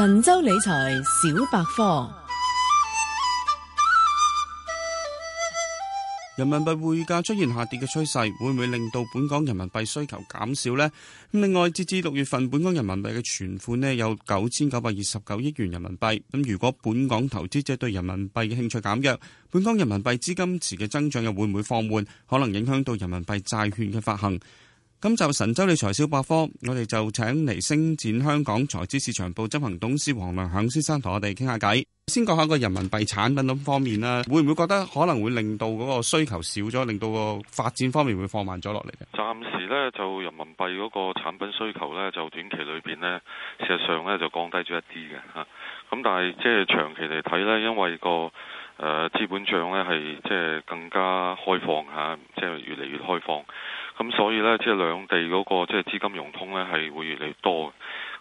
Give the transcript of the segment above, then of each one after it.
神州理財小百科，人民幣匯價出現下跌嘅趨勢，會唔會令到本港人民幣需求減少呢？另外，截至六月份，本港人民幣嘅存款呢，有九千九百二十九億元人民幣。咁如果本港投資者對人民幣嘅興趣減弱，本港人民幣資金池嘅增長又會唔會放緩？可能影響到人民幣債券嘅發行。咁就神州理財小百科，我哋就請嚟星展香港財資市場部執行董事黃良響先生同我哋傾下偈。先講下個人民幣產品咁方面啦，會唔會覺得可能會令到嗰個需求少咗，令到個發展方面會放慢咗落嚟？暫時咧就人民幣嗰個產品需求咧，就短期裏邊咧，事實上咧就降低咗一啲嘅吓。咁但係即係長期嚟睇咧，因為個誒資本賬咧係即係更加開放吓、啊，即係越嚟越開放。咁所以呢，即係兩地嗰、嗰個即係資金融通呢係會越嚟越多。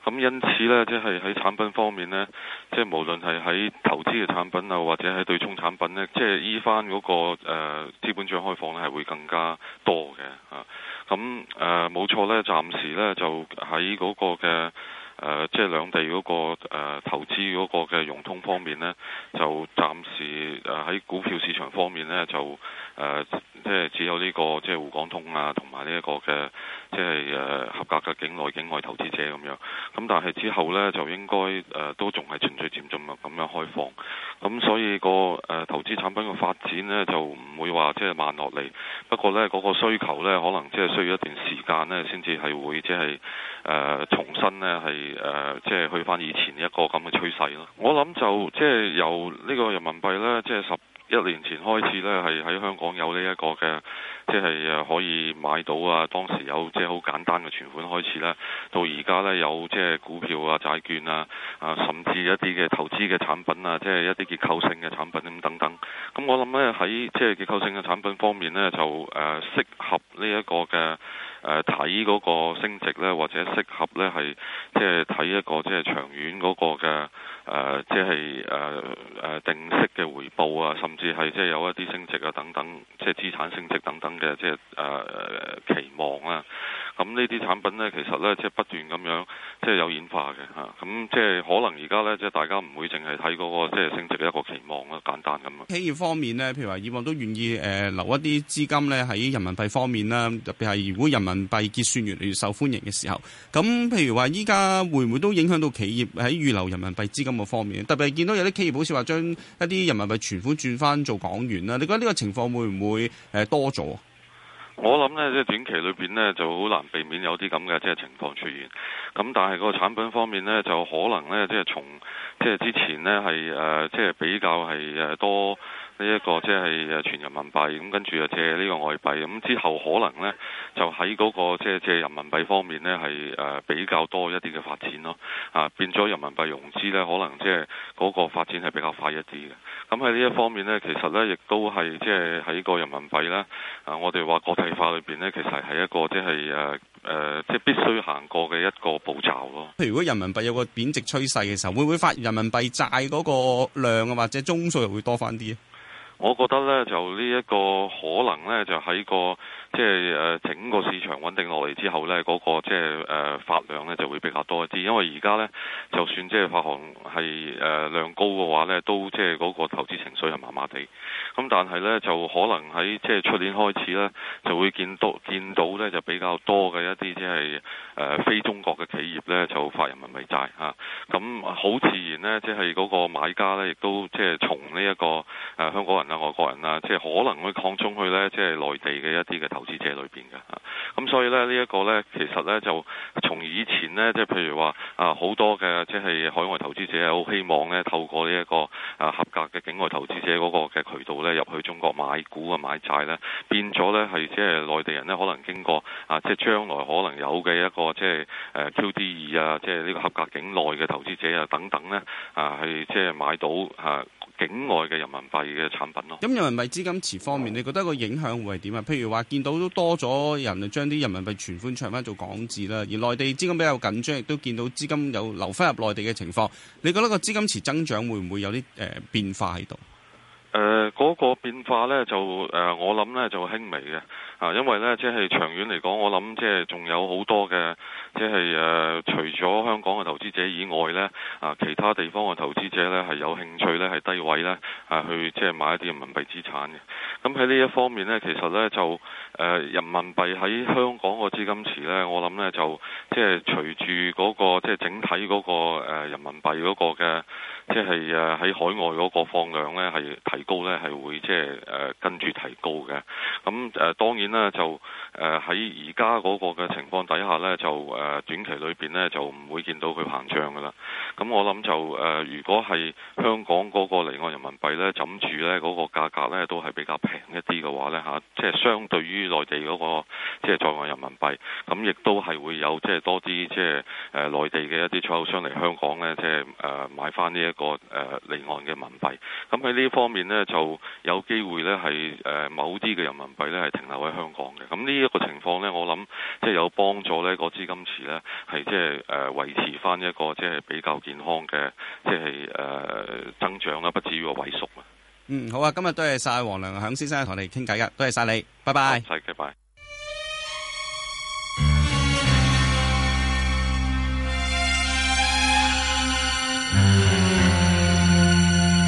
咁因此呢，即係喺產品方面呢，即係無論係喺投資嘅產品啊，或者喺對沖產品呢，即係依翻嗰個誒、呃、資本帳開放呢係會更加多嘅吓。咁誒冇錯呢，暫時呢就喺嗰個嘅。誒、呃，即係兩地嗰、那個、呃、投資嗰個嘅融通方面呢，就暫時誒喺、呃、股票市場方面呢，就誒、呃、即係只有呢、這個即係滬港通啊，同埋呢一個嘅即係誒、呃、合格嘅境內境外投資者咁樣。咁、嗯、但係之後呢，就應該誒、呃、都仲係循序漸進咁樣開放。咁、嗯、所以、那個誒、呃、投資產品嘅發展呢，就唔會話即係慢落嚟。不過呢，嗰、那個需求呢，可能即係需要一段時間呢，先至係會即係。誒、呃、重新呢係誒、呃、即係去翻以前一個咁嘅趨勢咯。我諗就即係由呢個人民幣呢，即係十一年前開始呢，係喺香港有呢一個嘅，即係可以買到啊。當時有即係好簡單嘅存款開始呢，到而家呢，有即係股票啊、債券啊啊，甚至一啲嘅投資嘅產品啊，即係一啲結構性嘅產品咁等等。咁我諗呢，喺即係結構性嘅產品方面呢，就誒、呃、適合呢一個嘅。誒睇嗰個升值咧，或者貶值咧，係即係睇一個即係長遠嗰個嘅。誒、呃，即係誒誒定息嘅回報啊，甚至係即係有一啲升值啊，等等，即係資產升值等等嘅，即係誒、呃、期望啊。咁呢啲產品咧，其實咧即係不斷咁樣即係有演化嘅嚇。咁、啊、即係可能而家咧，即係大家唔會淨係睇嗰個即係升值嘅一個期望啊。簡單咁啊。企業方面咧，譬如話以往都願意誒、呃、留一啲資金咧喺人民幣方面啦，特別係如果人民幣結算越嚟越受歡迎嘅時候，咁譬如話依家會唔會都影響到企業喺預留人民幣資金？個方面，特別係見到有啲企業好似話將一啲人民幣存款轉翻做港元啦，你覺得呢個情況會唔會誒多咗？我諗呢，即係短期裏邊呢就好難避免有啲咁嘅即係情況出現。咁但係個產品方面呢，就可能呢，即係從即係之前呢，係誒、呃，即係比較係誒多。呢一個即係誒全人民幣咁，跟住又借呢個外幣咁，之後可能咧就喺嗰個即係借人民幣方面咧，係誒比較多一啲嘅發展咯。啊，變咗人民幣融資咧，可能即係嗰個發展係比較快一啲嘅。咁喺呢一方面咧，其實咧亦都係即係喺個人民幣咧啊，我哋話國際化裏邊咧，其實係一個即係誒誒，即係必須行過嘅一個步驟咯。如果人民幣有個貶值趨勢嘅時候，會唔會發人民幣債嗰個量啊，或者總數會多翻啲？我覺得咧，就呢一個可能咧，就喺個。即係誒整個市場穩定落嚟之後呢，嗰、那個即係誒發量呢就會比較多一啲。因為而家呢，就算即係發行係誒、呃、量高嘅話呢，都即係嗰個投資情緒係麻麻地。咁但係呢，就可能喺即係出年開始呢，就會見到見到呢就比較多嘅一啲即係誒非中國嘅企業呢就發人民幣債嚇。咁、啊、好自然呢，即係嗰個買家呢，亦都即係從呢、這、一個誒、呃、香港人啊、外國人啊，即、就、係、是、可能會擴充去呢，即、就、係、是、內地嘅一啲嘅投投資者裏邊嘅嚇，咁、啊、所以咧呢一、呢個呢，其實呢，就從以前呢，即係譬如話啊，好多嘅即係海外投資者好希望呢透過呢、呢、一個啊合格嘅境外投資者嗰個嘅渠道呢，入去中國買股啊買債呢，變咗呢，係即係內地人呢，可能經過啊，即係將來可能有嘅一個即係誒、啊、QDII 啊，即係呢個合格境內嘅投資者啊等等呢，啊，係即係買到嚇。啊境外嘅人民幣嘅產品咯，咁人民幣資金池方面，哦、你覺得個影響會係點啊？譬如話見到都多咗人，將啲人民幣存款唱翻做港紙啦，而內地資金比較緊張，亦都見到資金有流返入內地嘅情況。你覺得個資金池增長會唔會有啲誒、呃、變化喺度？誒，嗰個變化呢，就誒，我諗呢，就輕微嘅，啊，因為呢，即係長遠嚟講，我諗即係仲有好多嘅，即係誒，除咗香港嘅投資者以外呢，啊，其他地方嘅投資者呢，係有興趣呢，係低位呢，啊，去即係買一啲人民幣資產嘅。咁喺呢一方面呢，其實呢就誒、呃、人民幣喺香港個資金池呢，我諗呢就即係隨住嗰、嗰個即係整體嗰、嗰個、呃、人民幣嗰個嘅，即係誒喺海外嗰個放量呢，係提高呢，係會即係誒、呃、跟住提高嘅。咁誒、呃、當然呢，就誒喺而家嗰個嘅情況底下呢，就誒、呃、短期裏邊呢，就唔會見到佢膨脹噶啦。咁我諗就誒、呃，如果係香港嗰個離岸人民幣咧，枕住咧嗰、那個價格咧都係比較平一啲嘅話咧吓、啊，即係相對於內地嗰、那個即係在岸人民幣，咁亦都係會有即係多啲即係誒內地嘅一啲採購商嚟香港咧，即係誒、呃、買翻、這個呃、呢一個誒離岸嘅人民幣。咁喺呢方面咧就有機會咧係誒某啲嘅人民幣咧係停留喺香港嘅。咁呢一個講咧，我諗即係有幫助呢個資金池咧係即係誒維持翻一個即係比較健康嘅，即係誒增長啦，不至於話萎縮啊。嗯，好啊，今日多謝晒黃良響先生同我哋傾偈嘅，多謝晒你，拜拜。唔該，拜。